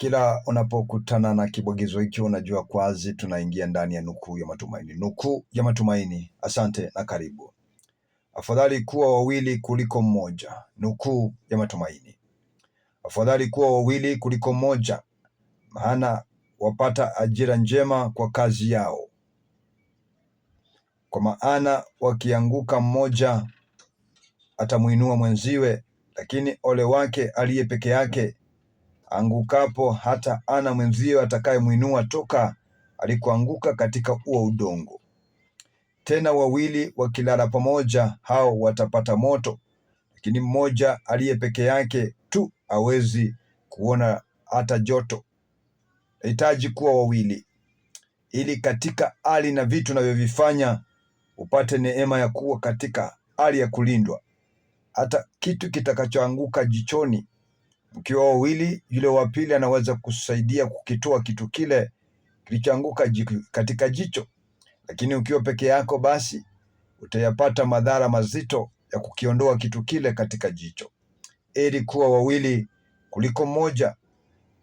Kila unapokutana na kibwagizo hiki unajua kwazi tunaingia ndani ya nukuu ya matumaini. Nukuu ya matumaini. Asante na karibu. Afadhali kuwa wawili kuliko mmoja. Nukuu ya matumaini. Afadhali kuwa wawili kuliko mmoja, maana wapata ajira njema kwa kazi yao, kwa maana wakianguka mmoja atamwinua mwenziwe, lakini ole wake aliye peke yake angukapo hata ana mwenzio atakayemwinua toka alikuanguka katika uo udongo. Tena wawili wakilala pamoja, hao watapata moto, lakini mmoja aliye peke yake tu hawezi kuona hata joto. Nahitaji kuwa wawili, ili katika hali na vitu navyovifanya upate neema ya kuwa katika hali ya kulindwa. Hata kitu kitakachoanguka jichoni mkiwa wawili, yule wa pili anaweza kusaidia kukitoa kitu kile kilichoanguka katika jicho, lakini ukiwa peke yako, basi utayapata madhara mazito ya kukiondoa kitu kile katika jicho. Heri kuwa wawili kuliko mmoja.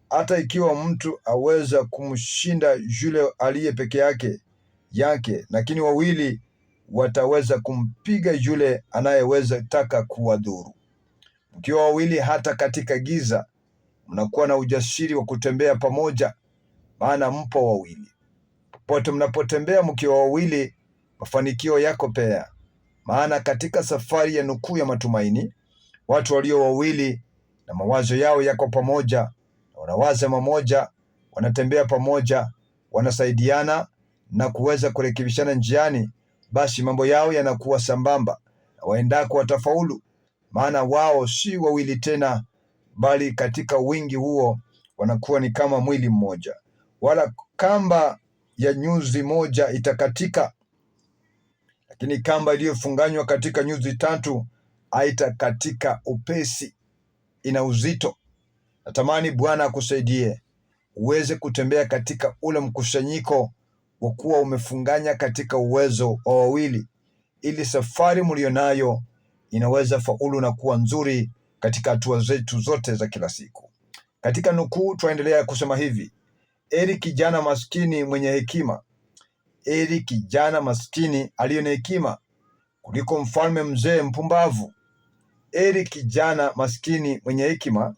Hata ikiwa mtu aweza kumshinda yule aliye peke yake yake, lakini wawili wataweza kumpiga yule anayeweza taka kuwadhuru. Mkiwa wawili hata katika giza, mnakuwa na ujasiri wa kutembea pamoja, maana mpo wawili. Popote mnapotembea mkiwa wawili, mafanikio yako pea, maana katika safari ya nukuu ya matumaini, watu walio wawili na mawazo yao yako pamoja, na wanawaza mamoja, wanatembea pamoja, wanasaidiana na kuweza kurekebishana njiani, basi mambo yao yanakuwa sambamba na waendako watafaulu maana wao si wawili tena, bali katika wingi huo wanakuwa ni kama mwili mmoja. Wala kamba ya nyuzi moja itakatika, lakini kamba iliyofunganywa katika nyuzi tatu haitakatika upesi. Ina uzito. Natamani Bwana akusaidie uweze kutembea katika ule mkusanyiko wa kuwa umefunganya katika uwezo wa wawili, ili safari mlionayo inaweza faulu na kuwa nzuri katika hatua zetu zote za kila siku. Katika nukuu, twaendelea kusema hivi: eri kijana maskini mwenye hekima, eri kijana maskini aliye na hekima kuliko mfalme mzee mpumbavu. Eri kijana maskini mwenye hekima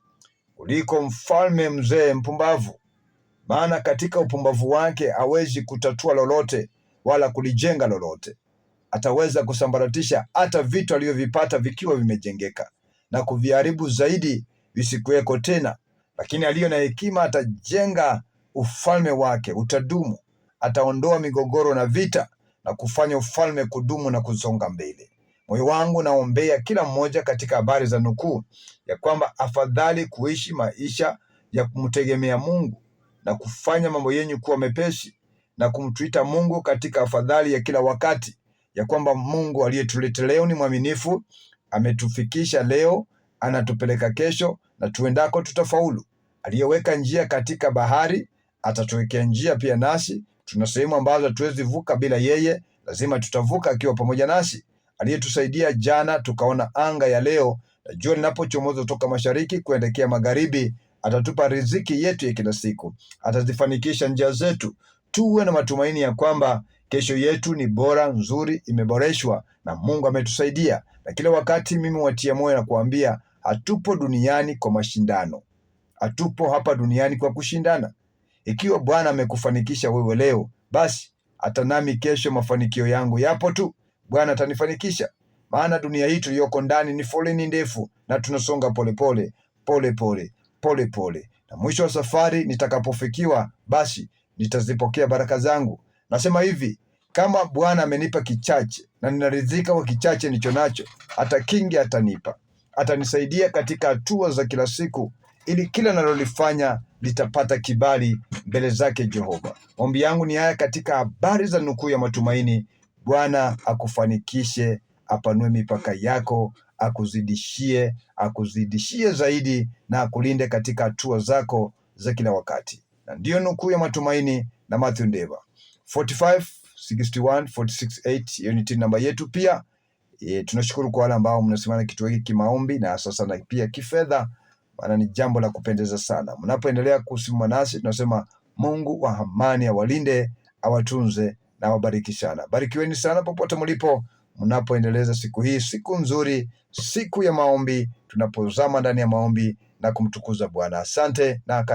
kuliko mfalme mzee mpumbavu, maana katika upumbavu wake hawezi kutatua lolote wala kulijenga lolote ataweza kusambaratisha hata vitu alivyovipata vikiwa vimejengeka na kuviharibu zaidi visikuweko tena, lakini aliyo na hekima atajenga ufalme wake utadumu, ataondoa migogoro na vita na kufanya ufalme kudumu na kusonga mbele. Moyo wangu naombea kila mmoja katika habari za nukuu ya kwamba afadhali kuishi maisha ya kumtegemea Mungu na kufanya mambo yenyu kuwa mepesi na kumtuita Mungu katika afadhali ya kila wakati ya kwamba Mungu aliyetuleta leo ni mwaminifu, ametufikisha leo, anatupeleka kesho, na tuendako tutafaulu. Aliyeweka njia katika bahari atatuwekea njia pia nasi. Tuna sehemu ambazo hatuwezi vuka bila yeye, lazima tutavuka akiwa pamoja nasi. Aliyetusaidia jana tukaona anga ya leo, na jua linapochomoza kutoka mashariki kuelekea magharibi, atatupa riziki yetu ya kila siku, atazifanikisha njia zetu. Tuwe na matumaini ya kwamba Kesho yetu ni bora, nzuri, imeboreshwa na Mungu ametusaidia, na kila wakati mimi watia moyo na kuambia hatupo duniani kwa mashindano, hatupo hapa duniani kwa kushindana. Ikiwa Bwana amekufanikisha wewe leo, basi hata nami kesho mafanikio yangu yapo tu, Bwana atanifanikisha. Maana dunia hii tuliyoko ndani ni foleni ndefu, na tunasonga polepole polepole polepole, na mwisho wa safari nitakapofikiwa, basi nitazipokea baraka zangu. Nasema hivi, kama Bwana amenipa kichache na ninaridhika kwa kichache nicho nacho, hata kingi atanipa. Atanisaidia katika hatua za kila siku, ili kila nalolifanya litapata kibali mbele zake Jehova. Maombi yangu ni haya katika habari za nukuu ya matumaini. Bwana akufanikishe, apanue mipaka yako, akuzidishie, akuzidishie zaidi, na akulinde katika hatua zako za kila wakati. Na ndiyo nukuu ya matumaini na Mathew Ndeva. 4561468 hiyo ni TIN namba yetu. Pia e, tunashukuru kwa wale ambao mnasimama kituo hiki kimaombi na sasa na pia kifedha, maana ni jambo la kupendeza sana. Mnapoendelea kusimama nasi, tunasema Mungu wa amani awalinde, awatunze na awabariki sana. Barikiweni sana popote mlipo mnapoendeleza siku hii, siku nzuri, siku ya maombi, tunapozama ndani ya maombi na kumtukuza Bwana. Asante na